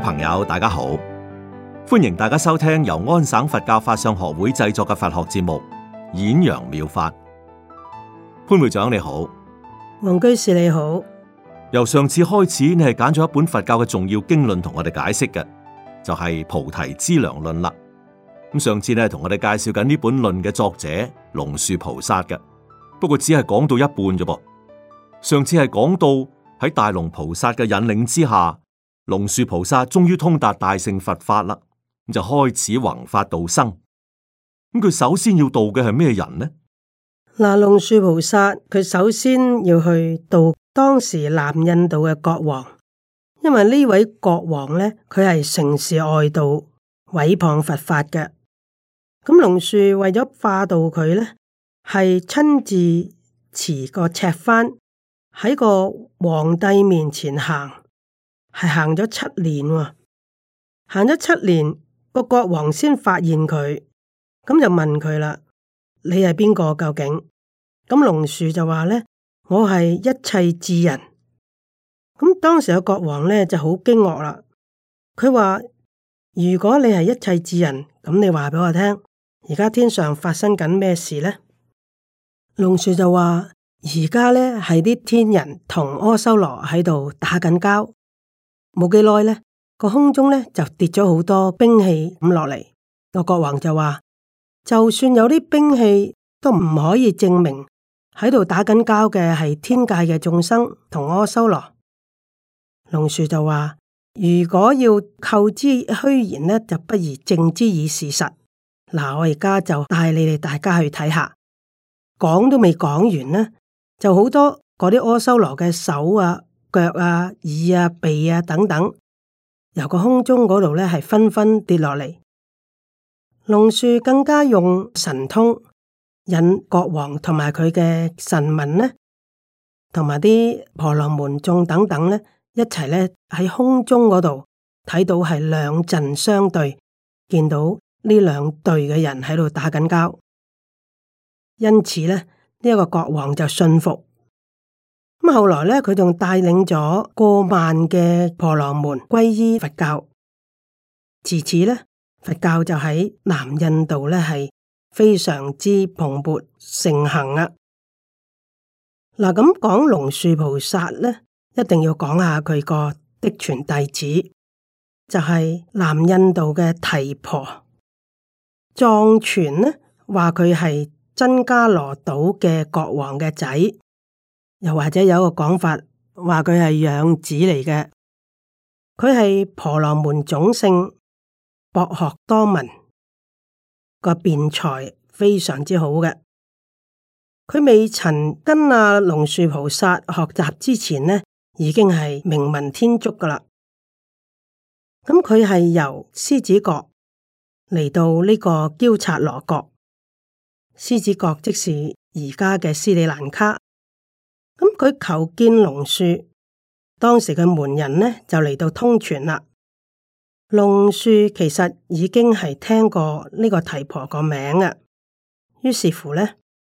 朋友，大家好，歡迎大家收聽由安省佛教法相學會製作嘅佛學節目《演揚妙，妙法》。潘會長你好，王居士你好。由上次開始，你係揀咗一本佛教嘅重要經論同我哋解釋嘅，就係、是《菩提資糧論》啦。咁上次咧，同我哋介紹緊呢本論嘅作者龍樹菩薩嘅，不過只係講到一半啫噃。上次係講到喺大龍菩薩嘅引領之下。龍樹菩薩終於通達大乘佛法啦，咁就開始弘法度生。咁佢首先要度嘅係咩人呢？嗱，龍樹菩薩佢首先要去度當時南印度嘅國王，因為呢位國王咧，佢係承事外道、毀謗佛法嘅。咁龍樹為咗化度呢，佢咧，係親自持個赤幡喺個皇帝面前行。係行咗七年喎。行咗七年，個國王先發現佢，咁就問佢啦：「你係邊個？究竟？」咁龍樹就話呢：「我係一切智人。」咁當時個國王呢就好驚愕啦，佢話：如果你係一切智人，咁你話俾我聽，而家天上發生緊咩事呢？龍樹」龍樹就話：而家呢係啲天人同阿修羅喺度打緊交。冇幾耐咧，個空中咧就跌咗好多兵器咁落嚟。個國王就話：就算有啲兵器，都唔可以證明喺度打緊交嘅係天界嘅眾生同阿修羅。龍樹就話：如果要扣之虛言咧，就不如證之以事實。嗱，我而家就帶你哋大家去睇下，講都未講完呢，就好多嗰啲阿修羅嘅手啊！腳啊、耳啊、鼻啊等等，由個空中嗰度咧係紛紛跌落嚟。龍樹更加用神通引國王同埋佢嘅神民咧，同埋啲婆羅門眾等等咧，一齊咧喺空中嗰度睇到係兩陣相對，見到呢兩隊嘅人喺度打緊交，因此咧呢一個國王就信服。咁後來咧，佢仲帶領咗過萬嘅婆羅門皈依佛教。自此咧，佛教就喺南印度咧係非常之蓬勃盛行啊！嗱，咁講龍樹菩薩呢，一定要講下佢個的，嫡傳弟子，就係、是、南印度嘅提婆。藏傳呢話佢係僧伽羅島嘅國王嘅仔。又或者有一個講法，話佢係養子嚟嘅，佢係婆羅門種姓，博學多聞，個辯才非常之好嘅。佢未曾跟阿龍樹菩薩學習之前呢，已經係名聞天竺噶啦。咁佢係由獅子國嚟到呢個憍薩羅國，獅子國即是而家嘅斯里蘭卡。咁佢、嗯、求見龍樹，當時嘅門人呢就嚟到通傳啦。龍樹其實已經係聽過呢個提婆個名啊，於是乎呢，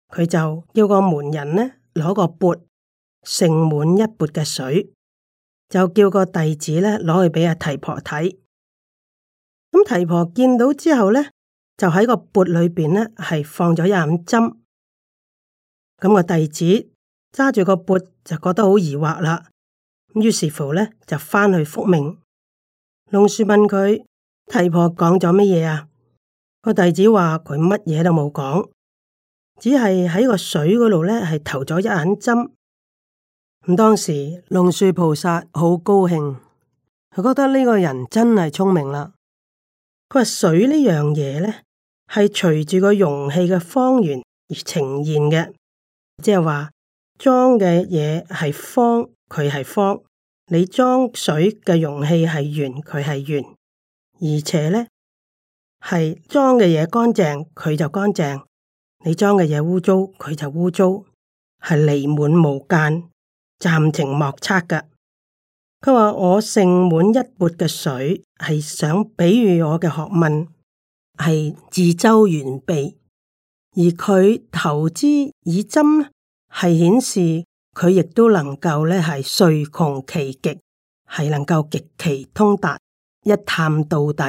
佢就叫個門人呢攞個缽盛滿一缽嘅水，就叫個弟子呢攞去畀阿提婆睇。咁提婆見到之後呢，就喺個缽裏邊呢係放咗一五針。咁個弟子。揸住個缽就覺得好疑惑啦，於是乎咧就翻去復命。龍樹問佢，提婆講咗乜嘢啊？個弟子話佢乜嘢都冇講，只係喺個水嗰度咧係投咗一眼針。咁當時龍樹菩薩好高興，佢覺得呢個人真係聰明啦。佢話水呢樣嘢咧係隨住個容器嘅方圓而呈現嘅，即係話。裝嘅嘢係方，佢係方；你裝水嘅容器係圓，佢係圓。而且呢，係裝嘅嘢乾淨，佢就乾淨；你裝嘅嘢污糟，佢就污糟。係彌滿無間，暫情莫測嘅。佢話我盛滿一缽嘅水，係想比喻我嘅學問係自周完備，而佢投資以針係顯示佢亦都能夠呢，係遂窮其極，係能夠極其通達，一探到底。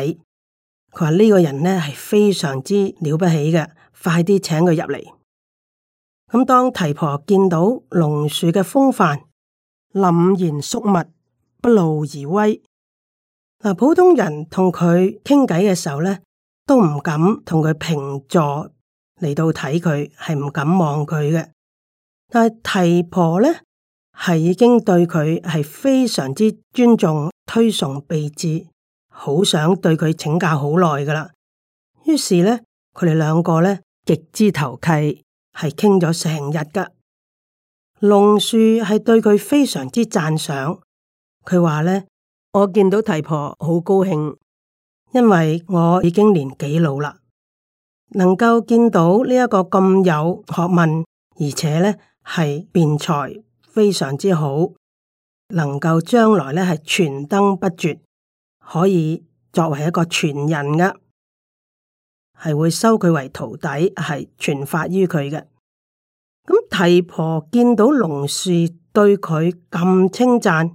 佢話呢個人呢係非常之了不起嘅，快啲請佢入嚟。咁當提婆見到龍樹嘅風範，凜然肅穆，不露而威。嗱，普通人同佢傾偈嘅時候呢，都唔敢同佢平坐嚟到睇佢，係唔敢望佢嘅。但提婆咧，係已經對佢係非常之尊重、推崇備至，好想對佢請教好耐噶啦。於是咧，佢哋兩個咧極之投契，係傾咗成日噶。龍樹係對佢非常之讚賞，佢話咧：我見到提婆好高興，因為我已經年紀老啦，能夠見到呢一個咁有學問，而且咧。係辯才非常之好，能夠將來呢係傳燈不絕，可以作為一個傳人嘅，係會收佢為徒弟，係傳法於佢嘅。咁提婆見到龍樹對佢咁稱讚，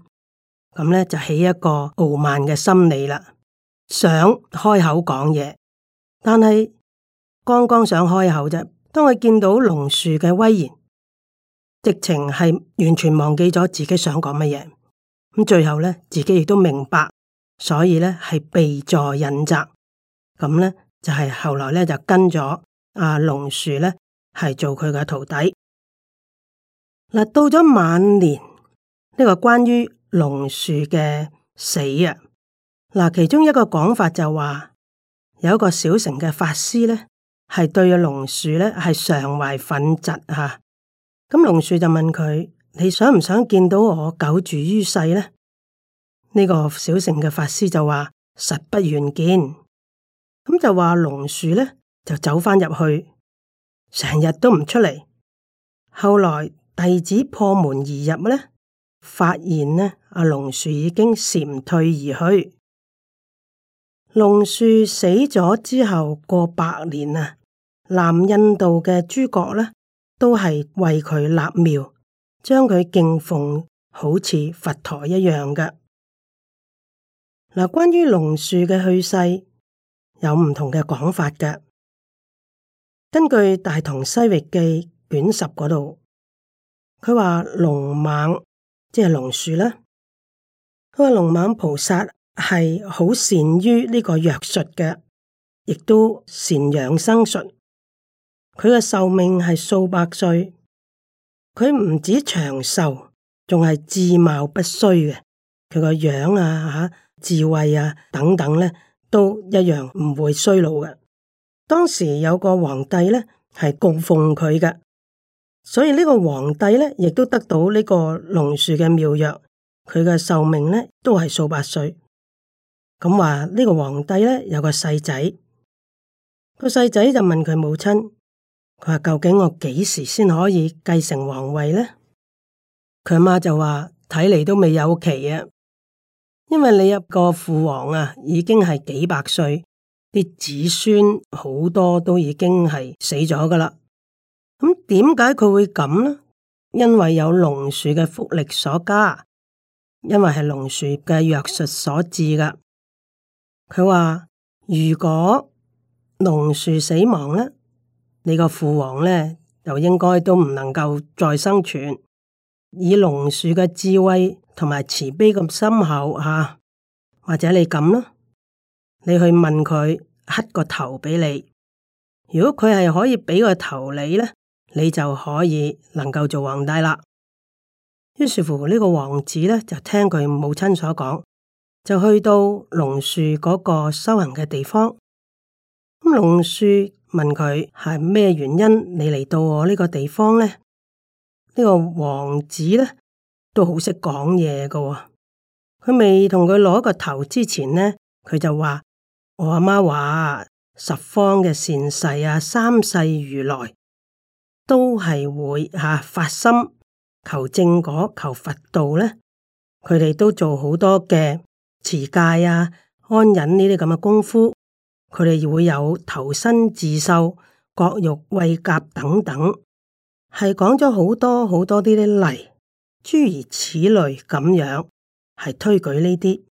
咁呢就起一個傲慢嘅心理啦，想開口講嘢，但係剛剛想開口啫，當佢見到龍樹嘅威嚴。直情係完全忘記咗自己想講乜嘢，咁最後咧自己亦都明白，所以咧係避助引責，咁咧就係、是、後來咧就跟咗阿龍樹咧係做佢嘅徒弟。嗱，到咗晚年呢、這個關於龍樹嘅死啊，嗱，其中一個講法就話、是、有一個小城嘅法師咧係對阿龍樹咧係常懷憤疾吓。啊咁龍樹就問佢：你想唔想見到我久住於世呢？呢、這個小乘嘅法師就話：實不願見。咁就話龍樹呢，就走返入去，成日都唔出嚟，後來弟子破門而入呢，發現呢阿龍樹已經蟬退而去。龍樹死咗之後，過百年啊，南印度嘅諸國呢。都係為佢立廟，將佢敬奉好似佛陀一樣嘅。嗱，關於龍樹嘅去世，有唔同嘅講法嘅。根據《大唐西域記》卷十嗰度，佢話龍猛，即係龍樹啦。佢話龍猛菩薩係好善於呢個藥術嘅，亦都善養生術。佢嘅壽命係數百歲，佢唔止長壽，仲係智貌不衰嘅。佢個樣啊吓，智慧啊等等咧，都一樣唔會衰老嘅。當時有個皇帝咧，係供奉佢嘅，所以呢個皇帝咧，亦都得到個龍樹呢個龍樹嘅妙藥，佢嘅壽命咧都係數百歲。咁話呢個皇帝咧有個細仔，個細仔就問佢母親。佢話：究竟我幾時先可以繼承皇位呢？佢阿媽就話：睇嚟都未有期啊！因為你一個父王啊，已經係幾百歲，啲子孫好多都已經係死咗噶啦。咁點解佢會咁呢？因為有龍樹嘅福力所加，因為係龍樹嘅藥術所致噶。佢話：如果龍樹死亡呢？你個父王咧，就應該都唔能夠再生存。以龍樹嘅智慧同埋慈悲咁深厚，吓、啊，或者你咁啦，你去問佢，乞個頭俾你。如果佢係可以俾個頭你咧，你就可以能夠做皇帝啦。於是乎，呢個王子咧就聽佢母親所講，就去到龍樹嗰個修行嘅地方。咁龍樹。問佢係咩原因你嚟到我呢個地方咧？呢個王子咧都好識講嘢噶，佢未同佢攞個頭之前咧，佢就話：我阿媽話十方嘅善世啊，三世如來都係會吓、啊、發心求正果、求佛道咧，佢哋都做好多嘅持戒啊、安忍呢啲咁嘅功夫。佢哋會有投身自受、割肉餵鴿等等，係講咗好多好多啲啲例，諸如此類咁樣，係推舉呢啲。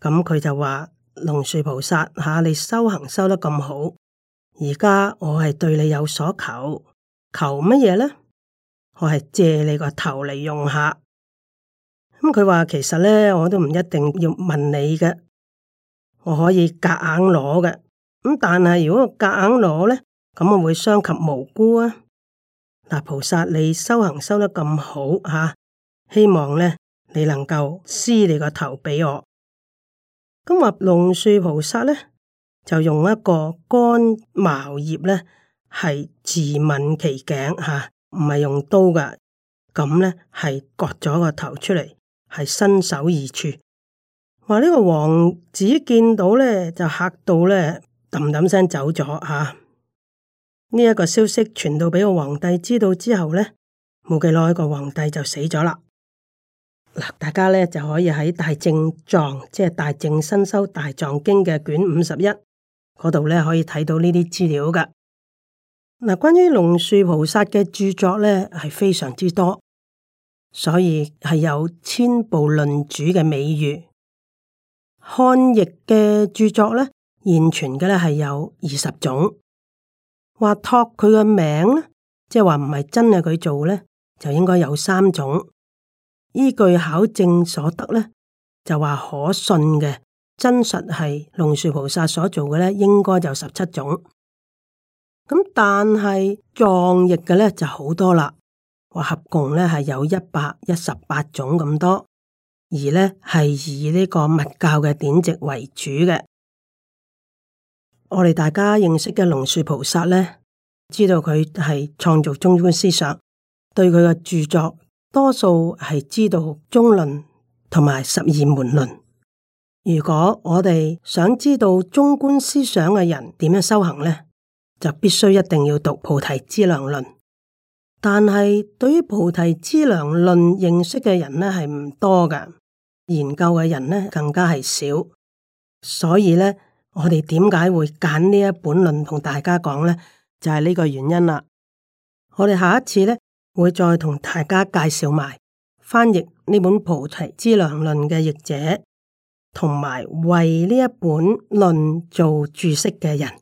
咁佢就話龍樹菩薩吓，啊，你修行修得咁好，而家我係對你有所求，求乜嘢呢？我係借你個頭嚟用下。咁佢話其實咧，我都唔一定要問你嘅。我可以夾硬攞嘅，咁但係如果夾硬攞咧，咁啊會傷及無辜啊！嗱，菩薩你修行修得咁好吓，啊，希望咧你能夠施你個頭俾我。咁，嗯、話龍樹菩薩咧，就用一個乾茅葉咧係自刎其頸吓，唔、啊、係用刀噶，咁咧係割咗個頭出嚟，係伸手而處。話呢個王子見到呢，就吓到呢，氹氹聲走咗吓。呢一個消息傳到畀個皇帝知道之後呢，冇幾耐個皇帝就死咗啦。嗱，大家呢，就可以喺《大正藏》，即係《大正新修大藏經》嘅卷五十一嗰度呢，可以睇到呢啲資料噶。嗱，關於龍樹菩薩嘅著作呢，係非常之多，所以係有千部論主嘅美譽。漢譯嘅著作咧，現存嘅咧係有二十種。話託佢嘅名咧，即係話唔係真係佢做咧，就應該有三種。依據考證所得咧，就話可信嘅真實係龍樹菩薩所做嘅咧，應該就十七種。咁但係藏譯嘅咧就好多啦，話合共咧，係有一百一十八種咁多。而呢，係以呢個佛教嘅典籍為主嘅。我哋大家認識嘅龍樹菩薩呢，知道佢係創造中觀思想，對佢嘅著作，多數係知道《中論》同埋《十二門論》。如果我哋想知道中觀思想嘅人點樣修行呢，就必須一定要讀《菩提資糧論》，但係對於《菩提資糧論》認識嘅人呢，係唔多㗎。研究嘅人呢，更加係少，所以呢，我哋點解會揀呢一本論同大家講呢？就係呢個原因啦。我哋下一次呢，會再同大家介紹埋翻譯呢本菩提資糧論嘅譯者，同埋為呢一本論做注釋嘅人。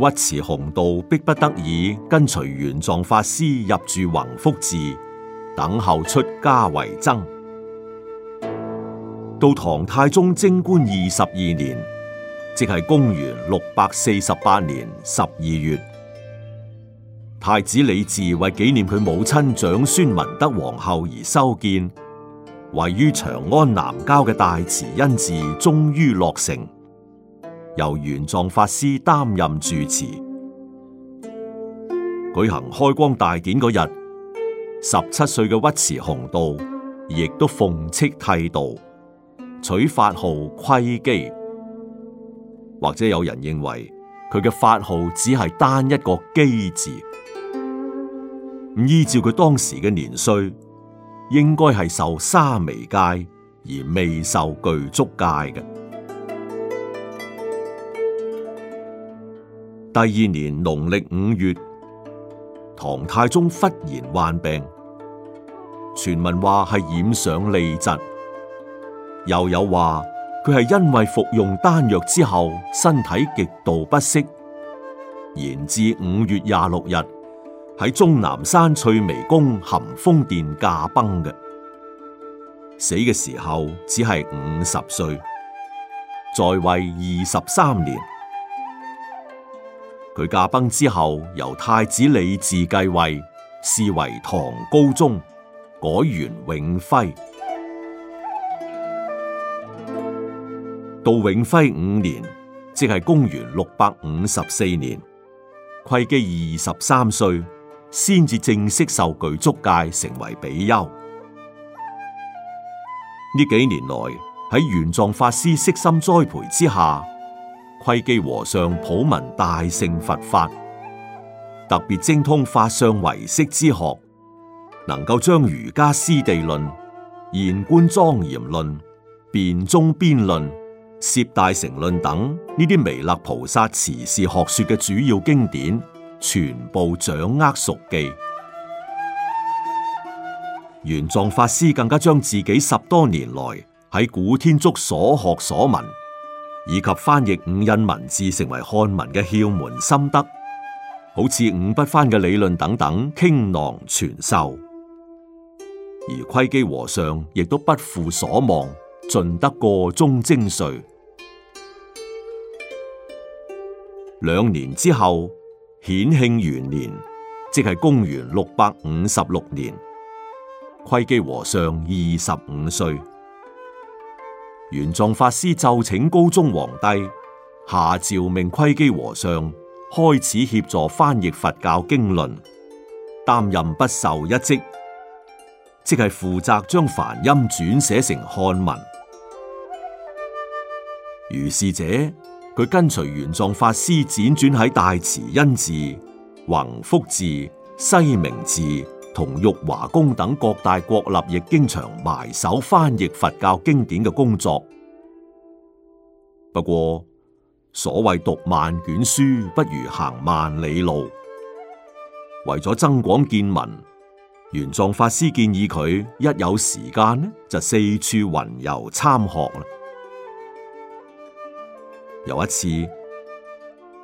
尉遲洪道迫不得已跟隨玄奘法師入住弘福寺，等候出家為僧。到唐太宗貞觀二十二年，即係公元六百四十八年十二月，太子李治為紀念佢母親長孫文德皇后而修建，位於長安南郊嘅大慈恩寺終於落成。由玄奘法師擔任住持，舉行開光大典嗰日，十七歲嘅尉遲洪道亦都奉敕剃度，取法號窺基。或者有人認為佢嘅法號只係單一個基字。依照佢當時嘅年歲，應該係受沙彌戒而未受具足戒嘅。第二年農曆五月，唐太宗忽然患病，傳聞話係染上痢疾，又有話佢係因為服用丹藥之後身體極度不適，延至五月廿六日喺終南山翠微宮含風殿駕崩嘅，死嘅時候只係五十歲，在位二十三年。佢駕崩之後，由太子李治繼位，是為唐高宗，改元永徽。到永徽五年，即係公元六百五十四年，窺基二十三歲，先至正式受具足戒，成為比丘。呢幾年來喺玄奘法師悉心栽培之下。窺基和尚普聞大乘佛法，特別精通法相唯識之學，能夠將瑜伽師地論、現觀莊嚴論、辯中邊論、攝大乘論等呢啲彌勒菩薩慈氏學說嘅主要經典，全部掌握熟記。玄奘法師更加將自己十多年來喺古天竺所學所聞，以及翻譯五印文字成為漢文嘅竅門心得，好似五不翻嘅理論等等傾囊傳授，而窺基和尚亦都不負所望，盡得個中精髓。兩年之後，顯慶元年，即係公元六百五十六年，窺基和尚二十五歲。玄奘法師就請高宗皇帝下詔命窺基和尚開始協助翻譯佛教經論，擔任不受一職，即係負責將梵音轉寫成漢文。如是者，佢跟隨玄奘法師輾轉喺大慈恩寺、弘福寺、西明寺。同玉華宮等各大國立，亦經常埋首翻譯佛教經典嘅工作。不過，所謂讀萬卷書不如行萬里路，為咗增廣見聞，玄奘法師建議佢一有時間呢，就四處雲遊參學啦。有一次，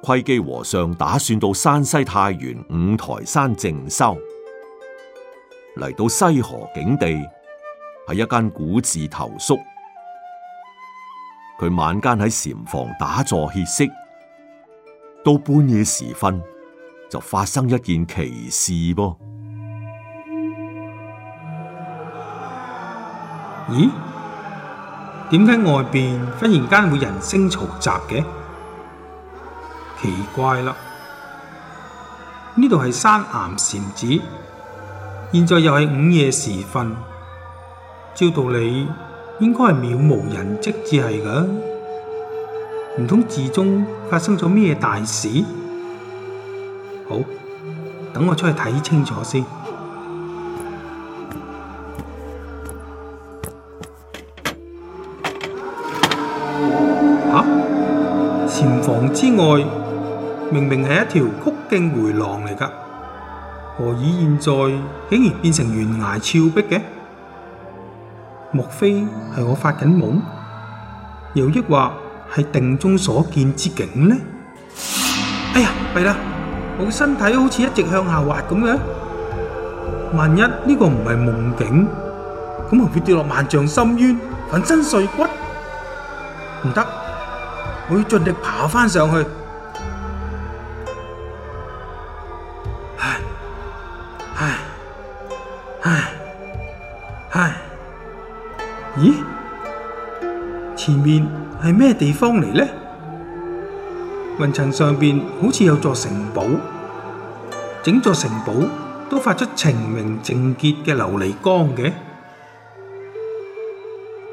窺基和尚打算到山西太原五台山靜修。嚟到西河景地，係一間古寺投宿。佢晚間喺禪房打坐歇息，到半夜時分就發生一件奇事噃。咦？點解外邊忽然間會人聲嘈雜嘅？奇怪啦！呢度係山岩禪寺。現在又係午夜時分，照道理應該係渺無人跡至係嘅，唔通寺中發生咗咩大事？好，等我出去睇清楚先。啊！禪房之外，明明係一條曲徑回廊嚟噶。何以現在竟然變成懸崖峭壁嘅？莫非係我發緊夢？又抑或係定中所見之境呢？哎呀，弊喇，我嘅身體好似一直向下滑咁樣。萬一呢個唔係夢境，咁咪會跌落萬丈深淵，粉身碎骨。唔得，我要盡力爬翻上去。唉唉，咦？前面係咩地方嚟呢？雲層上面好似有座城堡，整座城堡都發出澄明淨潔嘅琉璃光嘅。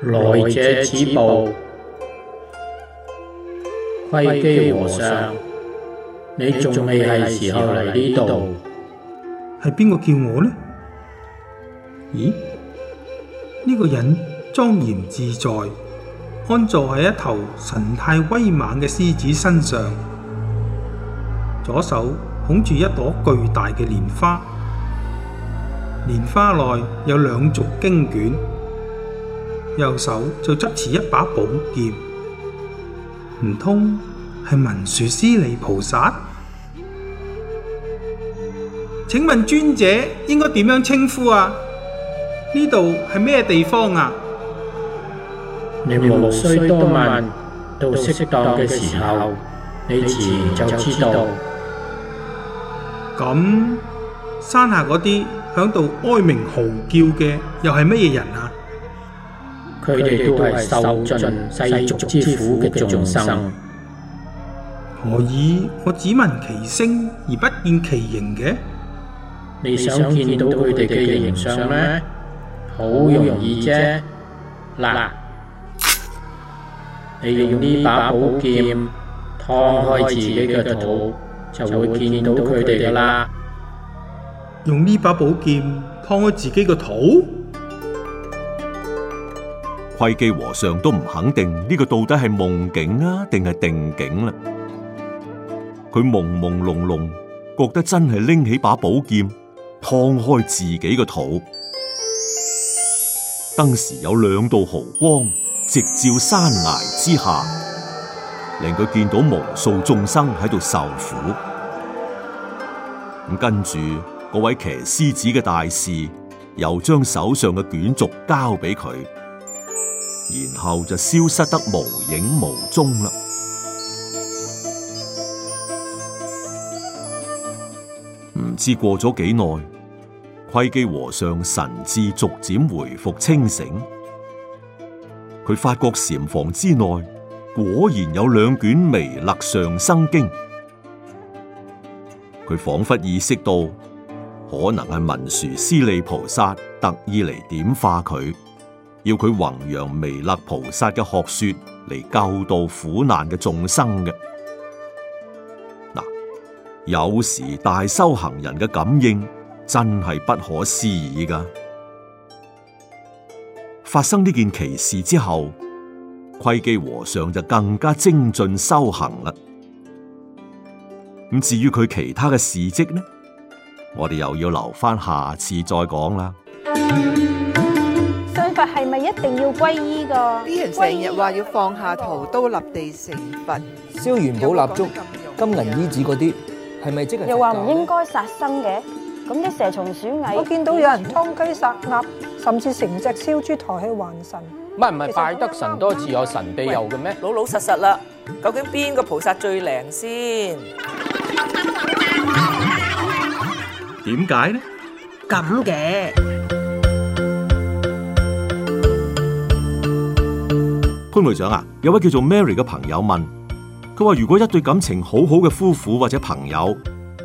來者止步，窺基和尚，你仲未係時候嚟呢度。係邊個叫我呢？咦？呢、這個人莊嚴自在，安坐喺一頭神態威猛嘅獅子身上，左手捧住一朵巨大嘅蓮花，蓮花內有兩軸經卷，右手就執持一把寶劍，唔通係文殊師利菩薩？請問尊者應該點樣稱呼啊？呢度係咩地方啊？你無需多問，到適當嘅時候，你自然就知道。咁山下嗰啲響度哀鳴嚎叫嘅，又係乜嘢人啊？佢哋都係受盡世俗之苦嘅眾生。何以我只聞其聲而不見其形嘅？你想見到佢哋嘅形象咩？好容易啫，嗱，你用呢把寶劍劏開自己個肚，就會見到佢哋噶啦。用呢把寶劍劏開自己個肚，窺基和尚都唔肯定呢個到底係夢境啊，定係定境啦。佢朦朦朧朧，覺得真係拎起把寶劍劏開自己個肚。當時有兩道毫光直照山崖之下，令佢見到無數眾生喺度受苦。咁跟住，嗰位騎獅子嘅大士又將手上嘅卷軸交俾佢，然後就消失得無影無蹤啦。唔知過咗幾耐？窺基和尚神志逐漸回復清醒，佢發覺禪房之內果然有兩卷彌勒上生經。佢仿佛意識到，可能係文殊師利菩薩特意嚟點化佢，要佢弘揚彌勒菩薩嘅學說嚟救度苦難嘅眾生嘅。嗱，有時大修行人嘅感應。真係不可思議噶！發生呢件奇事之後，窺基和尚就更加精進修行啦。咁至於佢其他嘅事跡呢？我哋又要留翻下，下次再講啦。信佛係咪一定要皈依噶？啲人成日話要放下屠刀立地成佛，燒元寶蠟燭、有有金銀衣紙嗰啲，係咪即係又話唔應該殺生嘅？咁啲蛇蟲鼠蟻，我見到有人劏雞殺鴨，甚至成隻燒豬抬起還神。唔係唔係，拜得神多自有神庇佑嘅咩？老老實實啦，究竟邊個菩薩最靈先？點解呢？咁嘅潘隊長啊，有位叫做 Mary 嘅朋友問，佢話如果一對感情好好嘅夫婦或者朋友，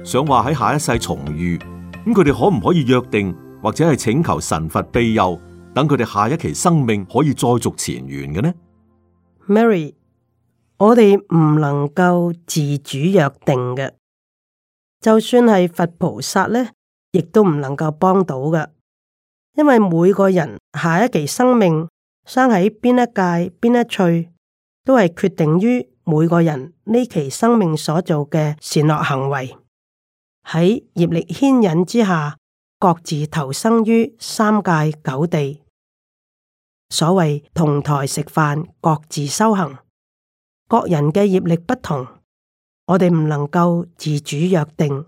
想話喺下一世重遇。咁佢哋可唔可以約定或者係請求神佛庇佑，等佢哋下一期生命可以再續前緣嘅呢？Mary，我哋唔能夠自主約定嘅，就算係佛菩薩咧，亦都唔能夠幫到㗎。因為每個人下一期生命生喺邊一界邊一趣，都係決定於每個人呢期生命所做嘅善惡行為。喺業力牽引之下，各自投生於三界九地。所謂同台食飯，各自修行。各人嘅業力不同，我哋唔能夠自主約定。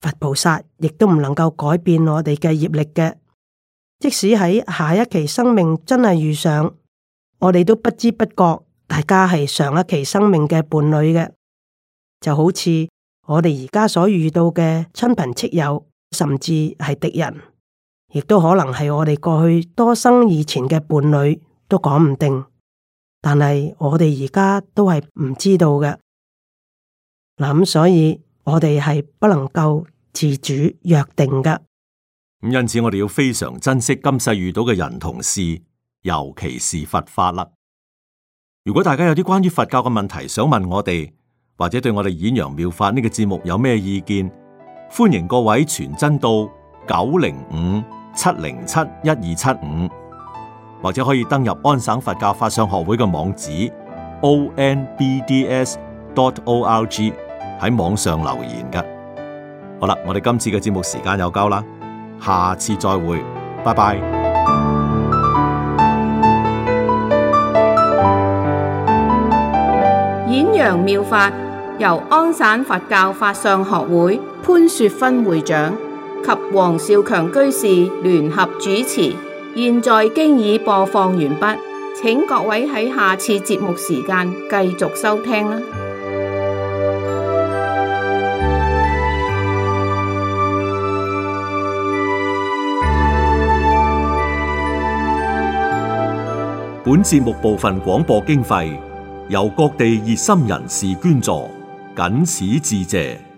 佛菩薩亦都唔能夠改變我哋嘅業力嘅。即使喺下一期生命真係遇上，我哋都不知不覺，大家係上一期生命嘅伴侶嘅，就好似。我哋而家所遇到嘅親朋戚友，甚至係敵人，亦都可能係我哋過去多生以前嘅伴侶，都講唔定。但係我哋而家都係唔知道嘅。嗱咁，所以我哋係不能夠自主約定嘅。咁因此，我哋要非常珍惜今世遇到嘅人同事，尤其是佛法啦。如果大家有啲關於佛教嘅問題想問我哋，或者對我哋《演陽妙，妙法》呢、這個節目有咩意見？歡迎各位傳真到九零五七零七一二七五，75, 或者可以登入安省佛教法相學會嘅網址 o n b d s dot o r g 喺網上留言噶。好啦，我哋今次嘅節目時間又夠啦，下次再會，拜拜。演陽妙法。由安省佛教法上學會潘雪芬會長及黃少強居士聯合主持，現在經已播放完畢，請各位喺下次節目時間繼續收聽啦。本節目部分廣播經費由各地熱心人士捐助。僅此致謝。